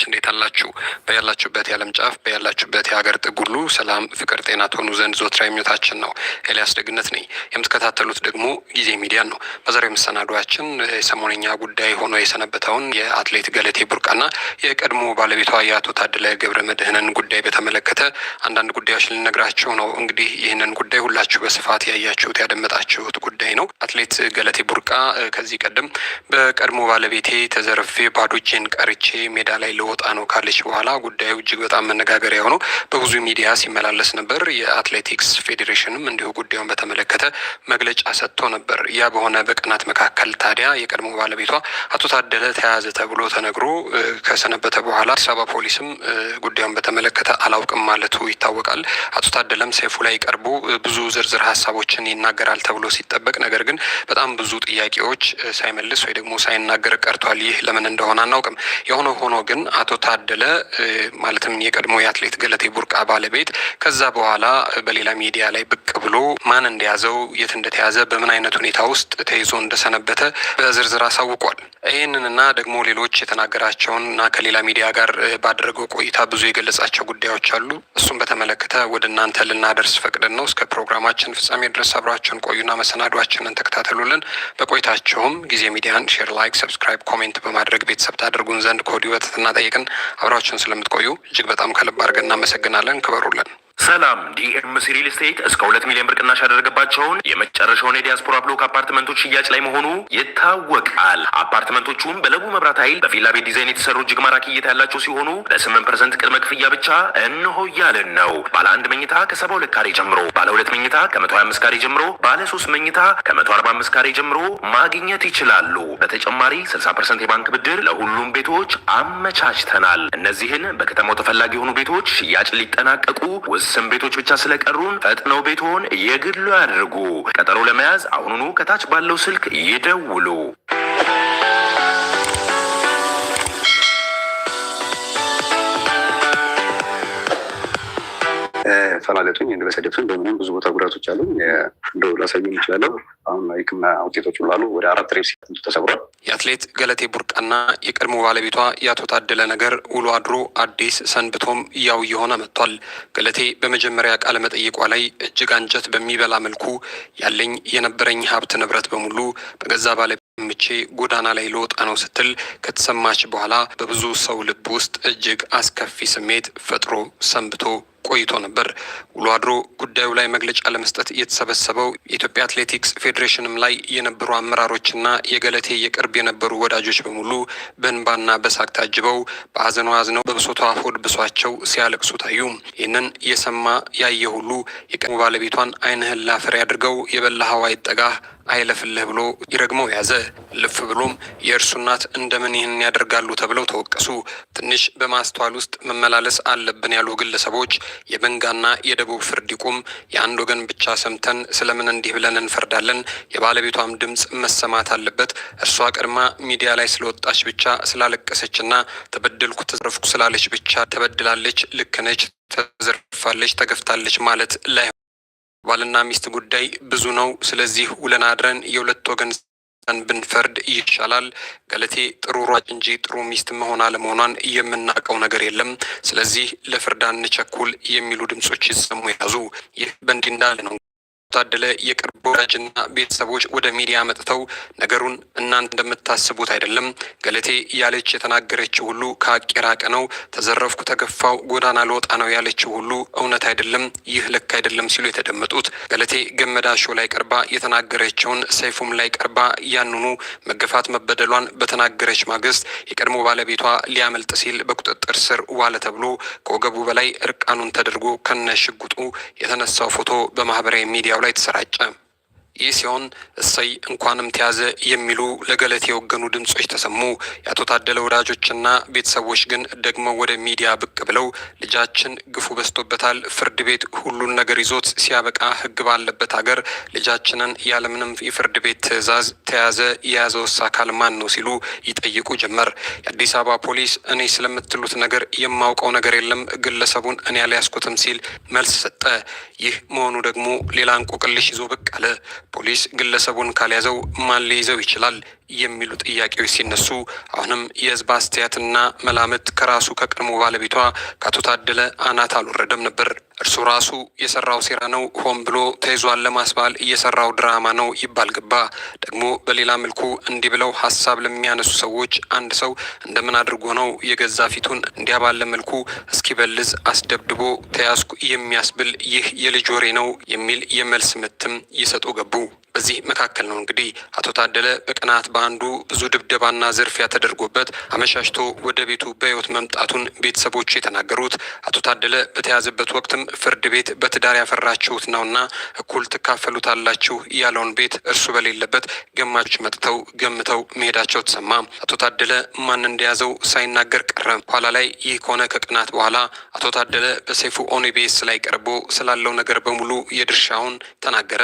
ሰዎች እንዴት አላችሁ? በያላችሁበት የዓለም ጫፍ በያላችሁበት የሀገር ጥግ ሁሉ ሰላም፣ ፍቅር፣ ጤና ትሆኑ ዘንድ ዞትራ የሚወታችን ነው። ኤልያስ ደግነት ነኝ። የምትከታተሉት ደግሞ ጊዜ ሚዲያን ነው። በዛሬው መሰናዷችን የሰሞነኛ ጉዳይ ሆኖ የሰነበተውን የአትሌት ገለቴ ቡርቃና የቀድሞ ባለቤቷ የአቶ ታደለ ገብረ መድህንን ጉዳይ በተመለከተ አንዳንድ ጉዳዮች ልነግራችሁ ነው። እንግዲህ ይህንን ጉዳይ ሁላችሁ በስፋት ያያችሁት ያደመጣችሁት ጉዳይ ነው። አትሌት ገለቴ ቡርቃ ከዚህ ቀደም በቀድሞ ባለቤቴ ተዘርፌ ባዶ እጄን ቀርቼ ሜዳ ላይ ለው ሊወጣ ነው ካለች በኋላ ጉዳዩ እጅግ በጣም መነጋገሪያ ሆኖ በብዙ ሚዲያ ሲመላለስ ነበር። የአትሌቲክስ ፌዴሬሽንም እንዲሁ ጉዳዩን በተመለከተ መግለጫ ሰጥቶ ነበር። ያ በሆነ በቀናት መካከል ታዲያ የቀድሞ ባለቤቷ አቶ ታደለ ተያዘ ተብሎ ተነግሮ ከሰነበተ በኋላ አዲስ አበባ ፖሊስም ጉዳዩን በተመለከተ አላውቅም ማለቱ ይታወቃል። አቶ ታደለም ሰይፉ ላይ ቀርቦ ብዙ ዝርዝር ሀሳቦችን ይናገራል ተብሎ ሲጠበቅ ነገር ግን በጣም ብዙ ጥያቄዎች ሳይመልስ ወይ ደግሞ ሳይናገር ቀርቷል። ይህ ለምን እንደሆነ አናውቅም። የሆነ ሆኖ ግን አቶ ታደለ ማለትም የቀድሞ የአትሌት ገለቴ ቡርቃ ባለቤት ከዛ በኋላ በሌላ ሚዲያ ላይ ብቅ ብሎ ማን እንደያዘው፣ የት እንደተያዘ፣ በምን አይነት ሁኔታ ውስጥ ተይዞ እንደሰነበተ በዝርዝር አሳውቋል። ይህንንና ደግሞ ሌሎች የተናገራቸውን እና ከሌላ ሚዲያ ጋር ባደረገው ቆይታ ብዙ የገለጻቸው ጉዳዮች አሉ። እሱን በተመለከተ ወደ እናንተ ልናደርስ ፈቅደን ነው። እስከ ፕሮግራማችን ፍጻሜ ድረስ አብራችሁን ቆዩና መሰናዷችንን ተከታተሉልን። በቆይታቸውም ጊዜ ሚዲያን ሼር፣ ላይክ፣ ሰብስክራይብ፣ ኮሜንት በማድረግ ቤተሰብ ታደርጉን ዘንድ ከወዲሁ በትህትና እየጠየቅን አብራችሁን ስለምትቆዩ እጅግ በጣም ከልብ አድርገን እናመሰግናለን። ክበሩልን። ሰላም ዲኤምሲ ሪል ስቴት እስከ ሁለት ሚሊዮን ብር ቅናሽ ያደረገባቸውን የመጨረሻውን የዲያስፖራ ብሎክ አፓርትመንቶች ሽያጭ ላይ መሆኑ ይታወቃል። አፓርትመንቶቹም በለቡ መብራት ኃይል በፊላ ቤት ዲዛይን የተሰሩ እጅግ ማራኪ እይታ ያላቸው ሲሆኑ በስምንት ፐርሰንት ቅድመ ክፍያ ብቻ እንሆ እያልን ነው። ባለ አንድ መኝታ ከሰባ ሁለት ካሬ ጀምሮ፣ ባለ ሁለት መኝታ ከመቶ ሀያ አምስት ካሬ ጀምሮ፣ ባለ ሶስት መኝታ ከመቶ አርባ አምስት ካሬ ጀምሮ ማግኘት ይችላሉ። በተጨማሪ ስልሳ ፐርሰንት የባንክ ብድር ለሁሉም ቤቶች አመቻችተናል። እነዚህን በከተማው ተፈላጊ የሆኑ ቤቶች ሽያጭ ሊጠናቀቁ ውስን ቤቶች ብቻ ስለቀሩን ፈጥነው ቤትዎን የግሉ ያድርጉ። ቀጠሮ ለመያዝ አሁኑኑ ከታች ባለው ስልክ ይደውሉ። ተላለጡኝ በሰደብትን በምንም ብዙ ቦታ ጉዳቶች አሉ። እንደ ላሳየ ይችላለሁ። አሁን የሕክምና ውጤቶች ሁሉ አሉ። ወደ አራት ሬብ ሲሉ ተሰብሯል። የአትሌት ገለቴ ቡርቃና የቀድሞ ባለቤቷ የአቶ ታደለ ነገር ውሎ አድሮ አዲስ ሰንብቶም ያው እየሆነ መጥቷል። ገለቴ በመጀመሪያ ቃለ መጠይቋ ላይ እጅግ አንጀት በሚበላ መልኩ ያለኝ የነበረኝ ሀብት ንብረት በሙሉ በገዛ ባለ ምቼ ጎዳና ላይ ልወጣ ነው ስትል ከተሰማች በኋላ በብዙ ሰው ልብ ውስጥ እጅግ አስከፊ ስሜት ፈጥሮ ሰንብቶ ቆይቶ ነበር። ውሎ አድሮ ጉዳዩ ላይ መግለጫ ለመስጠት የተሰበሰበው የኢትዮጵያ አትሌቲክስ ፌዴሬሽንም ላይ የነበሩ አመራሮችና የገለቴ የቅርብ የነበሩ ወዳጆች በሙሉ በእንባና በሳቅ ታጅበው በሀዘኑ አዝነው በብሶቷ ሆድ ብሷቸው ሲያለቅሱ ታዩ። ይህንን የሰማ ያየ ሁሉ የቀድሞ ባለቤቷን ፍሬ ላፈር ያድርገው ሀዋ ይጠጋህ አይለፍልህ ብሎ ይረግመው ያዘ። ልፍ ብሎም የእርሱ እናት እንደምን ይህን ያደርጋሉ ተብለው ተወቀሱ። ትንሽ በማስተዋል ውስጥ መመላለስ አለብን ያሉ ግለሰቦች የመንጋና የደቡብ ፍርድ ይቁም፣ የአንድ ወገን ብቻ ሰምተን ስለምን እንዲህ ብለን እንፈርዳለን? የባለቤቷም ድምፅ መሰማት አለበት። እርሷ ቀድማ ሚዲያ ላይ ስለወጣች ብቻ ስላለቀሰችና ተበደልኩ ተዘረፍኩ ስላለች ብቻ ተበድላለች፣ ልክ ነች፣ ተዘርፋለች፣ ተገፍታለች ማለት ላይ ባልና ሚስት ጉዳይ ብዙ ነው። ስለዚህ ውለን አድረን የሁለት ወገን ሰን ብንፈርድ ይሻላል። ገለቴ ጥሩ ሯጭ እንጂ ጥሩ ሚስት መሆን አለመሆኗን የምናውቀው ነገር የለም። ስለዚህ ለፍርድ አንቸኩል የሚሉ ድምጾች ይሰሙ ያዙ። ይህ በእንዲህ እንዳለ ነው ታደለ የቅርብ ወዳጅና ቤተሰቦች ወደ ሚዲያ መጥተው ነገሩን እናንተ እንደምታስቡት አይደለም፣ ገለቴ ያለች የተናገረችው ሁሉ ከሀቅ የራቀ ነው፣ ተዘረፍኩ፣ ተገፋው፣ ጎዳና ልወጣ ነው ያለችው ሁሉ እውነት አይደለም፣ ይህ ልክ አይደለም ሲሉ የተደመጡት ገለቴ ገመዳሾ ላይ ቀርባ የተናገረችውን ሰይፉም ላይ ቀርባ ያንኑ መገፋት መበደሏን በተናገረች ማግስት የቀድሞ ባለቤቷ ሊያመልጥ ሲል በቁጥጥር ስር ዋለ ተብሎ ከወገቡ በላይ እርቃኑን ተደርጎ ከነሽጉጡ የተነሳው ፎቶ በማህበራዊ ሚዲያው ላይ ተሰራጨ። ይህ ሲሆን እሰይ እንኳንም ተያዘ የሚሉ ለገለቴ የወገኑ ድምጾች ተሰሙ። የአቶ ታደለ ወዳጆችና ቤተሰቦች ግን ደግሞ ወደ ሚዲያ ብቅ ብለው ልጃችን ግፉ በዝቶበታል፣ ፍርድ ቤት ሁሉን ነገር ይዞት ሲያበቃ ህግ ባለበት ሀገር ልጃችንን ያለምንም የፍርድ ቤት ትዕዛዝ ተያዘ፣ የያዘውስ አካል ማን ነው ሲሉ ይጠይቁ ጀመር። የአዲስ አበባ ፖሊስ እኔ ስለምትሉት ነገር የማውቀው ነገር የለም፣ ግለሰቡን እኔ አልያዝኩትም ሲል መልስ ሰጠ። ይህ መሆኑ ደግሞ ሌላ እንቆቅልሽ ይዞ ብቅ አለ። ፖሊስ ግለሰቡን ካልያዘው ማን ሊይዘው ይችላል? የሚሉ ጥያቄዎች ሲነሱ አሁንም የህዝብ አስተያየትና መላምት ከራሱ ከቀድሞ ባለቤቷ ከአቶ ታደለ አናት አልወረደም ነበር። እርሱ ራሱ የሰራው ሴራ ነው፣ ሆን ብሎ ተይዟን ለማስባል እየሰራው ድራማ ነው ይባል ገባ። ደግሞ በሌላ መልኩ እንዲህ ብለው ሀሳብ ለሚያነሱ ሰዎች አንድ ሰው እንደምን አድርጎ ነው የገዛ ፊቱን እንዲያ ባለ መልኩ እስኪበልዝ አስደብድቦ ተያዝኩ የሚያስብል ይህ የልጅ ወሬ ነው የሚል የመልስ ምትም ይሰጡ ገቡ። በዚህ መካከል ነው እንግዲህ አቶ ታደለ በቀናት በአንዱ ብዙ ድብደባና ዝርፊያ ተደርጎበት አመሻሽቶ ወደ ቤቱ በህይወት መምጣቱን ቤተሰቦች የተናገሩት አቶ ታደለ በተያዘበት ወቅትም ፍርድ ቤት በትዳር ያፈራችሁት ነውና እኩል ትካፈሉታላችሁ ያለውን ቤት እርሱ በሌለበት ገማቾች መጥተው ገምተው መሄዳቸው ተሰማ። አቶ ታደለ ማን እንደያዘው ሳይናገር ቀረ። ኋላ ላይ ይህ ከሆነ ከቀናት በኋላ አቶ ታደለ በሰይፉ ኦኔቤስ ላይ ቀርቦ ስላለው ነገር በሙሉ የድርሻውን ተናገረ።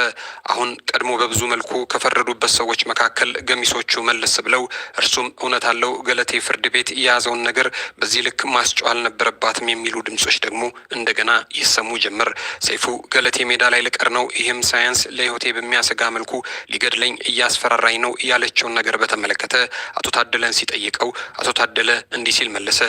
አሁን ቀድሞ በብዙ መልኩ ከፈረዱበት ሰዎች መካከል ገሚሶቹ መለስ ብለው እርሱም እውነት አለው ገለቴ ፍርድ ቤት የያዘውን ነገር በዚህ ልክ ማስጨው አልነበረባትም የሚሉ ድምጾች ደግሞ እንደገና ይሰሙ ጀመር። ሰይፉ ገለቴ ሜዳ ላይ ልቀር ነው፣ ይህም ሳያንስ ለህይወቴ በሚያሰጋ መልኩ ሊገድለኝ እያስፈራራኝ ነው ያለችውን ነገር በተመለከተ አቶ ታደለን ሲጠይቀው አቶ ታደለ እንዲህ ሲል መለሰ።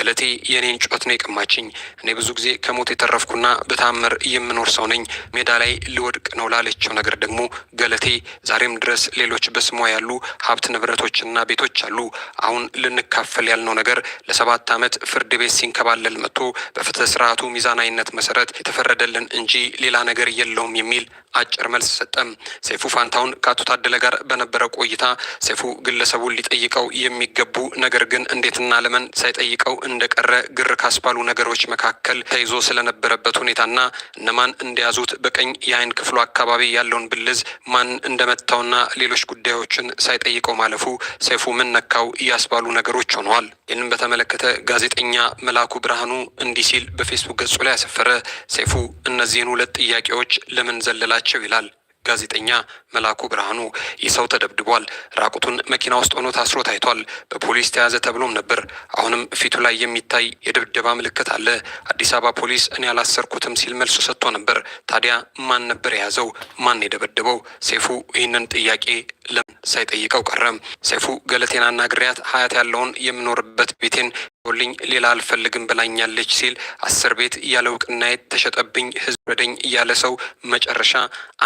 ገለቴ የእኔን ጩኸት ነው የቀማችኝ። እኔ ብዙ ጊዜ ከሞት የተረፍኩና በታምር የምኖር ሰው ነኝ። ሜዳ ላይ ልወድቅ ነው ላለችው ነገር ደግሞ ገለቴ ዛሬም ድረስ ሌሎች በስሟ ያሉ ሀብት ንብረቶችና ቤቶች አሉ። አሁን ልንካፈል ያልነው ነገር ለሰባት ዓመት ፍርድ ቤት ሲንከባለል መጥቶ በፍትህ ስርዓቱ ሚዛናዊነት መሰረት የተፈረደልን እንጂ ሌላ ነገር የለውም የሚል አጭር መልስ ሰጠም። ሰይፉ ፋንታውን ከአቶ ታደለ ጋር በነበረ ቆይታ ሰይፉ ግለሰቡን ሊጠይቀው የሚገቡ ነገር ግን እንዴትና ለምን ሳይጠይቀው እንደቀረ ግር ካስባሉ ነገሮች መካከል ተይዞ ስለነበረበት ሁኔታና እነማን እንደያዙት በቀኝ የአይን ክፍሉ አካባቢ ያለውን ብልዝ ማን እንደመታውና ሌሎች ጉዳዮችን ሳይጠይቀው ማለፉ ሰይፉ ምን ነካው እያስባሉ ነገሮች ሆነዋል። ይህንም በተመለከተ ጋዜጠኛ መላኩ ብርሃኑ እንዲህ ሲል በፌስቡክ ገጹ ላይ ያሰፈረ። ሰይፉ እነዚህን ሁለት ጥያቄዎች ለምን ዘለላቸው ይላል። ጋዜጠኛ መላኩ ብርሃኑ ይህ ሰው ተደብድቧል፣ ራቁቱን መኪና ውስጥ ሆኖ ታስሮ ታይቷል፣ በፖሊስ ተያዘ ተብሎም ነበር። አሁንም ፊቱ ላይ የሚታይ የድብደባ ምልክት አለ። አዲስ አበባ ፖሊስ እኔ አላሰርኩትም ሲል መልሱ ሰጥቶ ነበር። ታዲያ ማን ነበር የያዘው? ማን የደበደበው? ሰይፉ ይህንን ጥያቄ ለምን ሳይጠይቀው ቀረም? ሰይፉ ገለቴናና ግሪያት ሀያት ያለውን የምኖርበት ቤቴን ሁልኝ ሌላ አልፈልግም ብላኛለች ሲል አስር ቤት እያለ እውቅና ተሸጠብኝ ህዝብ ረደኝ እያለ ሰው መጨረሻ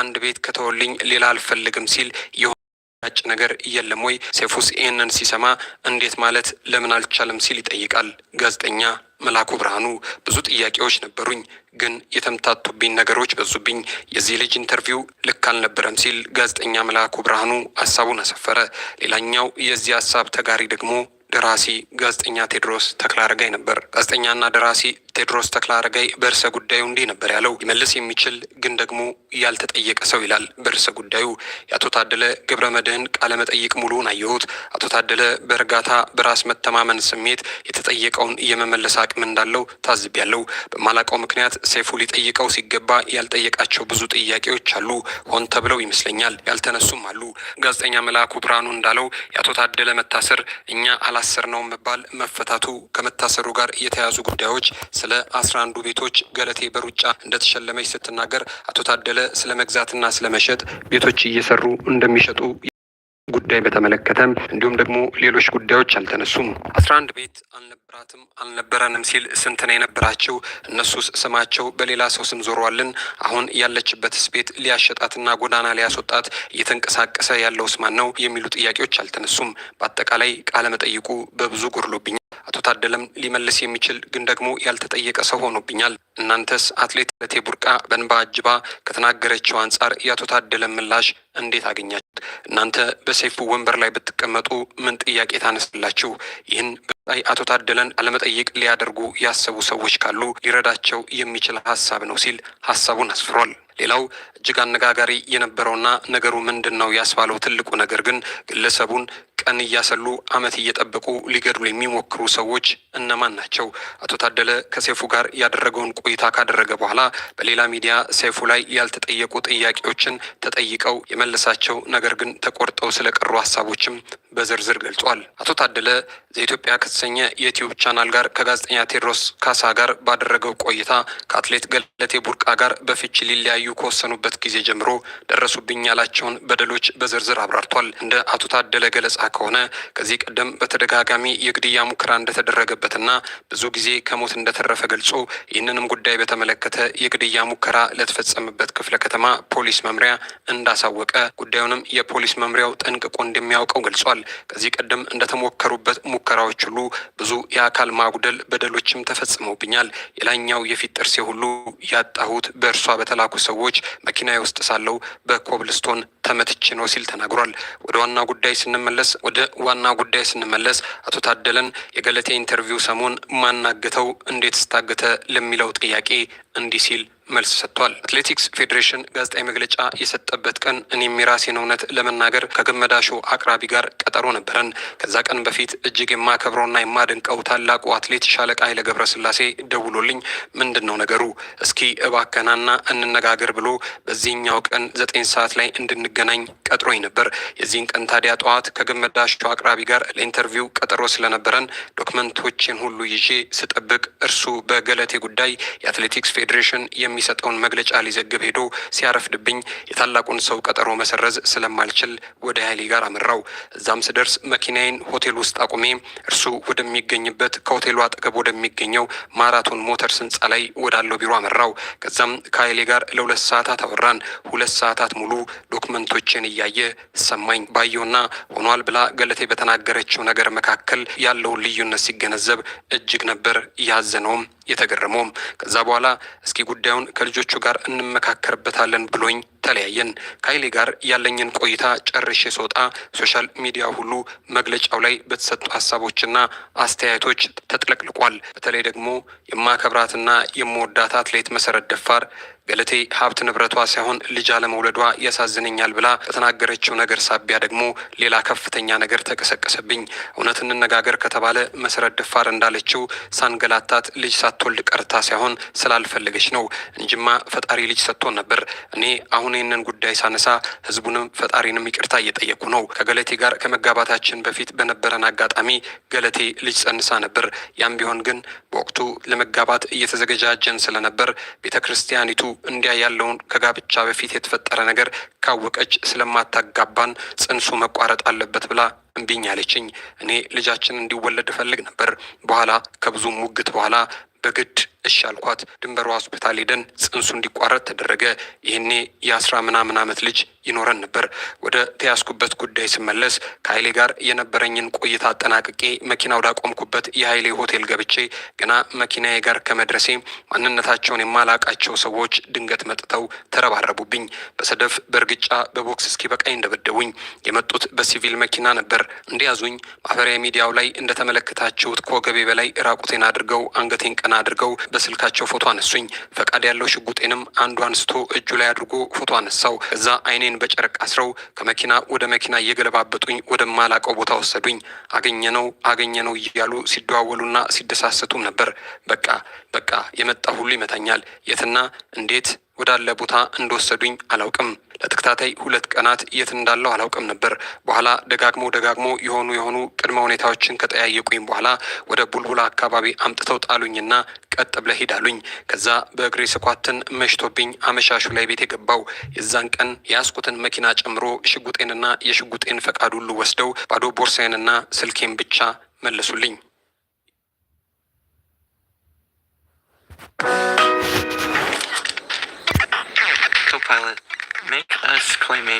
አንድ ቤት ከተወልኝ ሌላ አልፈልግም ሲል ጭ ነገር የለም ወይ? ሴፉስ ይህንን ሲሰማ እንዴት ማለት ለምን አልቻለም ሲል ይጠይቃል ጋዜጠኛ መላኩ ብርሃኑ። ብዙ ጥያቄዎች ነበሩኝ፣ ግን የተምታቱብኝ ነገሮች በዙብኝ። የዚህ ልጅ ኢንተርቪው ልክ አልነበረም ሲል ጋዜጠኛ መላኩ ብርሃኑ ሀሳቡን አሰፈረ። ሌላኛው የዚህ ሀሳብ ተጋሪ ደግሞ ደራሲ ጋዜጠኛ ቴድሮስ ተክለአረጋይ ነበር። ጋዜጠኛና ደራሲ ቴዎድሮስ ተክለአረጋይ በእርሰ ጉዳዩ እንዲህ ነበር ያለው። ሊመልስ የሚችል ግን ደግሞ ያልተጠየቀ ሰው ይላል በእርሰ ጉዳዩ። የአቶ ታደለ ገብረ መድህን ቃለ መጠይቅ ሙሉውን አየሁት። አቶ ታደለ በእርጋታ በራስ መተማመን ስሜት የተጠየቀውን የመመለስ አቅም እንዳለው ታዝቤያለሁ። በማላቀው ምክንያት ሰይፉ ሊጠይቀው ሲገባ ያልጠየቃቸው ብዙ ጥያቄዎች አሉ። ሆን ተብለው ይመስለኛል ያልተነሱም አሉ። ጋዜጠኛ መልአኩ ብርሃኑ እንዳለው የአቶ ታደለ መታሰር እኛ አላሰር ነው መባል መፈታቱ ከመታሰሩ ጋር የተያዙ ጉዳዮች ስለ አስራ አንዱ ቤቶች ገለቴ በሩጫ እንደተሸለመች ስትናገር አቶ ታደለ ስለ መግዛትና ስለ መሸጥ ቤቶች እየሰሩ እንደሚሸጡ ጉዳይ በተመለከተም እንዲሁም ደግሞ ሌሎች ጉዳዮች አልተነሱም። አስራ አንድ ቤት አልነበራትም አልነበረንም ሲል ስንት ነው የነበራቸው? እነሱስ ስማቸው በሌላ ሰው ስም ዞሯልን? አሁን ያለችበትስ ቤት ሊያሸጣትና ጎዳና ሊያስወጣት እየተንቀሳቀሰ ያለው ስማን ነው? የሚሉ ጥያቄዎች አልተነሱም። በአጠቃላይ ቃለ መጠይቁ በብዙ ጎድሎብኛል። አቶ ታደለም ሊመልስ የሚችል ግን ደግሞ ያልተጠየቀ ሰው ሆኖብኛል። እናንተስ አትሌት ለቴ ቡርቃ በንባ አጅባ ከተናገረችው አንጻር የአቶ ታደለ ምላሽ እንዴት አገኛችሁት? እናንተ በሰይፉ ወንበር ላይ ብትቀመጡ ምን ጥያቄ ታነስላችሁ? ይህን በጣይ አቶ ታደለን አለመጠየቅ ሊያደርጉ ያሰቡ ሰዎች ካሉ ሊረዳቸው የሚችል ሀሳብ ነው ሲል ሀሳቡን አስፍሯል። ሌላው እጅግ አነጋጋሪ የነበረውና ነገሩ ምንድን ነው ያስባለው ትልቁ ነገር ግን ግለሰቡን ቀን እያሰሉ ዓመት እየጠበቁ ሊገድሉ የሚሞክሩ ሰዎች እነማን ናቸው? አቶ ታደለ ከሰይፉ ጋር ያደረገውን ቆይታ ካደረገ በኋላ በሌላ ሚዲያ ሰይፉ ላይ ያልተጠየቁ ጥያቄዎችን ተጠይቀው የመለሳቸው ነገር ግን ተቆርጠው ስለቀሩ ሀሳቦችም በዝርዝር ገልጿል። አቶ ታደለ ዘኢትዮጵያ ከተሰኘ የዩትዩብ ቻናል ጋር ከጋዜጠኛ ቴዎድሮስ ካሳ ጋር ባደረገው ቆይታ ከአትሌት ገለቴ ቡርቃ ጋር በፍች ሊለያዩ ከወሰኑበት ጊዜ ጀምሮ ደረሱብኝ ያላቸውን በደሎች በዝርዝር አብራርቷል። እንደ አቶ ታደለ ገለጻ ከሆነ ከዚህ ቀደም በተደጋጋሚ የግድያ ሙከራ እንደተደረገበትና ብዙ ጊዜ ከሞት እንደተረፈ ገልጾ ይህንንም ጉዳይ በተመለከተ የግድያ ሙከራ ለተፈጸመበት ክፍለ ከተማ ፖሊስ መምሪያ እንዳሳወቀ ጉዳዩንም የፖሊስ መምሪያው ጠንቅቆ እንደሚያውቀው ገልጿል። ከዚህ ቀደም እንደተሞከሩበት ሙከራዎች ሁሉ ብዙ የአካል ማጉደል በደሎችም ተፈጽመውብኛል። የላይኛው የፊት ጥርሴ ሁሉ ያጣሁት በእርሷ በተላኩ ሰዎች መኪና ውስጥ ሳለው በኮብልስቶን ተመትቼ ነው ሲል ተናግሯል። ወደ ዋና ጉዳይ ስንመለስ ወደ ዋና ጉዳይ ስንመለስ አቶ ታደለን የገለቴ ኢንተርቪው ሰሞን ማናገተው እንዴት ስታገተ ለሚለው y aquí እንዲህ ሲል መልስ ሰጥቷል። አትሌቲክስ ፌዴሬሽን ጋዜጣዊ መግለጫ የሰጠበት ቀን እኔም የራሴን እውነት ለመናገር ከገመዳሾ አቅራቢ ጋር ቀጠሮ ነበረን። ከዛ ቀን በፊት እጅግ የማከብረውና የማደንቀው ታላቁ አትሌት ሻለቃ ኃይለ ገብረስላሴ ደውሎልኝ ምንድን ነው ነገሩ እስኪ እባከናና እንነጋገር ብሎ በዚህኛው ቀን ዘጠኝ ሰዓት ላይ እንድንገናኝ ቀጥሮኝ ነበር። የዚህን ቀን ታዲያ ጠዋት ከገመዳሾ አቅራቢ ጋር ለኢንተርቪው ቀጠሮ ስለነበረን ዶክመንቶችን ሁሉ ይዤ ስጠብቅ እርሱ በገለቴ ጉዳይ የአትሌቲክስ ፌዴሬሽን የሚሰጠውን መግለጫ ሊዘግብ ሄዶ ሲያረፍድብኝ የታላቁን ሰው ቀጠሮ መሰረዝ ስለማልችል ወደ ኃይሌ ጋር አመራው። እዛም ስደርስ መኪናዬን ሆቴል ውስጥ አቁሜ እርሱ ወደሚገኝበት ከሆቴሉ አጠገብ ወደሚገኘው ማራቶን ሞተርስ ህንፃ ላይ ወዳለው ቢሮ አመራው። ከዛም ከኃይሌ ጋር ለሁለት ሰዓታት አወራን። ሁለት ሰዓታት ሙሉ ዶክመንቶችን እያየ ሰማኝ። ባየውና ሆኗል ብላ ገለቴ በተናገረችው ነገር መካከል ያለውን ልዩነት ሲገነዘብ እጅግ ነበር ያዘነውም። የተገረመውም ከዛ በኋላ እስኪ ጉዳዩን ከልጆቹ ጋር እንመካከርበታለን ብሎኝ ተለያየን። ከኃይሌ ጋር ያለኝን ቆይታ ጨርሼ ስወጣ ሶሻል ሚዲያ ሁሉ መግለጫው ላይ በተሰጡ ሀሳቦችና አስተያየቶች ተጥለቅልቋል። በተለይ ደግሞ የማከብራትና የምወዳት አትሌት መሰረት ደፋር ገለቴ ሀብት ንብረቷ ሳይሆን ልጅ አለመውለዷ ያሳዝነኛል ብላ ከተናገረችው ነገር ሳቢያ ደግሞ ሌላ ከፍተኛ ነገር ተቀሰቀሰብኝ። እውነት እንነጋገር ከተባለ መሰረት ደፋር እንዳለችው ሳንገላታት ልጅ ሳትወልድ ቀርታ ሳይሆን ስላልፈለገች ነው እንጂማ ፈጣሪ ልጅ ሰጥቶን ነበር። እኔ አሁን ይህንን ጉዳይ ሳነሳ ህዝቡንም ፈጣሪንም ይቅርታ እየጠየቁ ነው። ከገለቴ ጋር ከመጋባታችን በፊት በነበረን አጋጣሚ ገለቴ ልጅ ጸንሳ ነበር። ያም ቢሆን ግን በወቅቱ ለመጋባት እየተዘገጃጀን ስለነበር ቤተ ክርስቲያኒቱ እንዲያ ያለውን ከጋብቻ በፊት የተፈጠረ ነገር ካወቀች ስለማታጋባን ጽንሱ መቋረጥ አለበት ብላ እምቢኝ አለችኝ። እኔ ልጃችን እንዲወለድ እፈልግ ነበር። በኋላ ከብዙ ሙግት በኋላ በግድ እሺ አልኳት። ድንበሯ ሆስፒታል ሄደን ጽንሱ እንዲቋረጥ ተደረገ። ይህኔ የአስራ ምናምን ዓመት ልጅ ይኖረን ነበር። ወደ ተያዝኩበት ጉዳይ ስመለስ ከኃይሌ ጋር የነበረኝን ቆይታ አጠናቅቄ መኪና ወዳቆምኩበት የኃይሌ ሆቴል ገብቼ ገና መኪናዬ ጋር ከመድረሴ ማንነታቸውን የማላቃቸው ሰዎች ድንገት መጥተው ተረባረቡብኝ። በሰደፍ በእርግጫ በቦክስ እስኪ በቃኝ እንደበደቡኝ የመጡት በሲቪል መኪና ነበር። እንደያዙኝ ማህበራዊ ሚዲያው ላይ እንደተመለከታችሁት ከወገቤ በላይ ራቁቴን አድርገው አንገቴን ቀና አድርገው በስልካቸው ፎቶ አነሱኝ። ፈቃድ ያለው ሽጉጤንም አንዱ አንስቶ እጁ ላይ አድርጎ ፎቶ አነሳው። እዛ አይኔን በጨርቅ አስረው ከመኪና ወደ መኪና እየገለባበጡኝ ወደማላቀው ቦታ ወሰዱኝ። አገኘነው አገኘነው እያሉ ሲደዋወሉና ሲደሳሰቱም ነበር። በቃ በቃ የመጣ ሁሉ ይመታኛል። የትና እንዴት ወዳለ ቦታ እንደወሰዱኝ አላውቅም። ለተከታታይ ሁለት ቀናት የት እንዳለው አላውቅም ነበር። በኋላ ደጋግሞ ደጋግሞ የሆኑ የሆኑ ቅድመ ሁኔታዎችን ከጠያየቁኝ በኋላ ወደ ቡልቡላ አካባቢ አምጥተው ጣሉኝና ቀጥ ብለህ ሄዳሉኝ። ከዛ በእግሬ ስኳትን መሽቶብኝ አመሻሹ ላይ ቤት የገባው የዛን ቀን የያዝኩትን መኪና ጨምሮ ሽጉጤንና የሽጉጤን ፈቃድ ሁሉ ወስደው ባዶ ቦርሳዬንና ስልኬን ብቻ መለሱልኝ።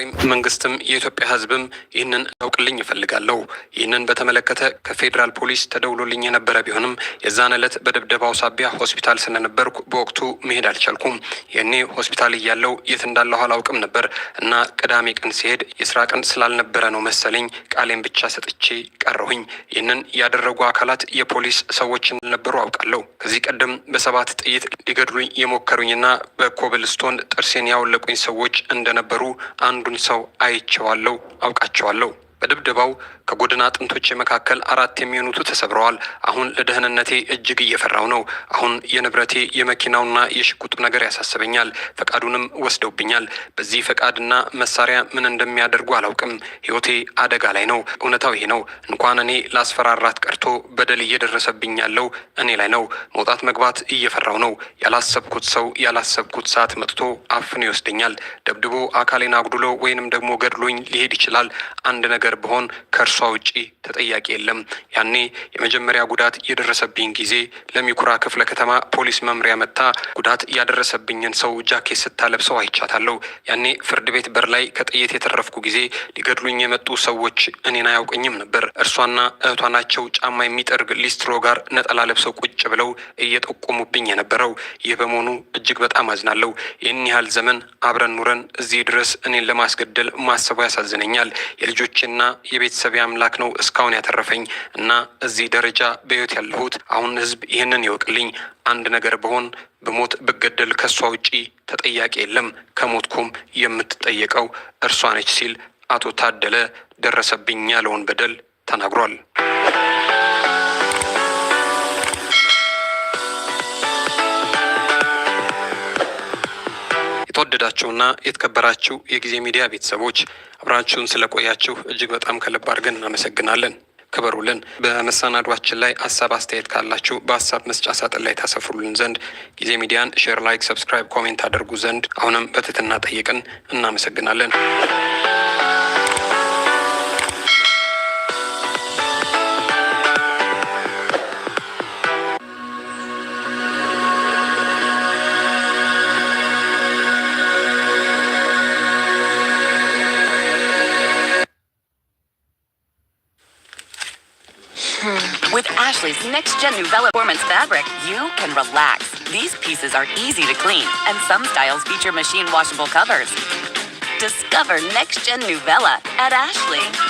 በተጨማሪም መንግስትም የኢትዮጵያ ህዝብም ይህንን ያውቅልኝ ይፈልጋለሁ። ይህንን በተመለከተ ከፌዴራል ፖሊስ ተደውሎልኝ የነበረ ቢሆንም የዛን ዕለት በድብደባው ሳቢያ ሆስፒታል ስለነበርኩ በወቅቱ መሄድ አልቻልኩም። ይኔ ሆስፒታል እያለው የት እንዳለሁ አላውቅም ነበር እና ቅዳሜ ቀን ሲሄድ የስራ ቀን ስላልነበረ ነው መሰለኝ ቃሌን ብቻ ሰጥቼ ቀረሁኝ። ይህንን ያደረጉ አካላት የፖሊስ ሰዎች እንደነበሩ አውቃለሁ። ከዚህ ቀደም በሰባት ጥይት ሊገድሉኝ የሞከሩኝና በኮብልስቶን ጥርሴን ያወለቁኝ ሰዎች እንደነበሩ አንዱ አንዱን ሰው አይቸዋለሁ፣ አውቃቸዋለሁ። በድብደባው ከጎድን አጥንቶቼ መካከል አራት የሚሆኑቱ ተሰብረዋል። አሁን ለደህንነቴ እጅግ እየፈራው ነው። አሁን የንብረቴ የመኪናውና የሽጉጡ ነገር ያሳስበኛል። ፈቃዱንም ወስደውብኛል። በዚህ ፈቃድና መሳሪያ ምን እንደሚያደርጉ አላውቅም። ህይወቴ አደጋ ላይ ነው። እውነታው ይሄ ነው። እንኳን እኔ ላስፈራራት ቀርቶ በደል እየደረሰብኝ ያለው እኔ ላይ ነው። መውጣት መግባት እየፈራው ነው። ያላሰብኩት ሰው ያላሰብኩት ሰዓት መጥቶ አፍኖ ይወስደኛል። ደብድቦ አካሌን አጉድሎ ወይንም ደግሞ ገድሎኝ ሊሄድ ይችላል። አንድ ነገር ነገር ብሆን ከእርሷ ውጪ ተጠያቂ የለም። ያኔ የመጀመሪያ ጉዳት የደረሰብኝ ጊዜ ለሚኩራ ክፍለ ከተማ ፖሊስ መምሪያ መታ ጉዳት ያደረሰብኝን ሰው ጃኬት ስታለብሰው አይቻታለሁ። ያኔ ፍርድ ቤት በር ላይ ከጥይት የተረፍኩ ጊዜ ሊገድሉኝ የመጡ ሰዎች እኔን አያውቅኝም ነበር። እርሷና እህቷ ናቸው ጫማ የሚጠርግ ሊስትሮ ጋር ነጠላ ለብሰው ቁጭ ብለው እየጠቆሙብኝ የነበረው። ይህ በመሆኑ እጅግ በጣም አዝናለሁ። ይህን ያህል ዘመን አብረን ኑረን እዚህ ድረስ እኔን ለማስገደል ማሰቡ ያሳዝነኛል። የልጆችና እና የቤተሰብ አምላክ ነው እስካሁን ያተረፈኝ እና እዚህ ደረጃ በህይወት ያለሁት። አሁን ህዝብ ይህንን ይወቅልኝ። አንድ ነገር በሆን በሞት ብገደል ከእሷ ውጪ ተጠያቂ የለም። ከሞትኩም የምትጠየቀው እርሷ ነች ሲል አቶ ታደለ ደረሰብኝ ያለውን በደል ተናግሯል። የተወደዳችሁና የተከበራችሁ የጊዜ ሚዲያ ቤተሰቦች አብራችሁን ስለቆያችሁ እጅግ በጣም ከልብ አድርገን እናመሰግናለን። ክበሩልን። በመሰናዷችን ላይ ሀሳብ አስተያየት ካላችሁ በሀሳብ መስጫ ሳጥን ላይ ታሰፍሩልን ዘንድ ጊዜ ሚዲያን ሼር፣ ላይክ፣ ሰብስክራይብ፣ ኮሜንት አድርጉ ዘንድ አሁንም በትህትና ጠይቅን እናመሰግናለን። Hmm. With Ashley's next gen Nuvella Performance fabric, you can relax. These pieces are easy to clean, and some styles feature machine washable covers. Discover next gen Nuvella at Ashley.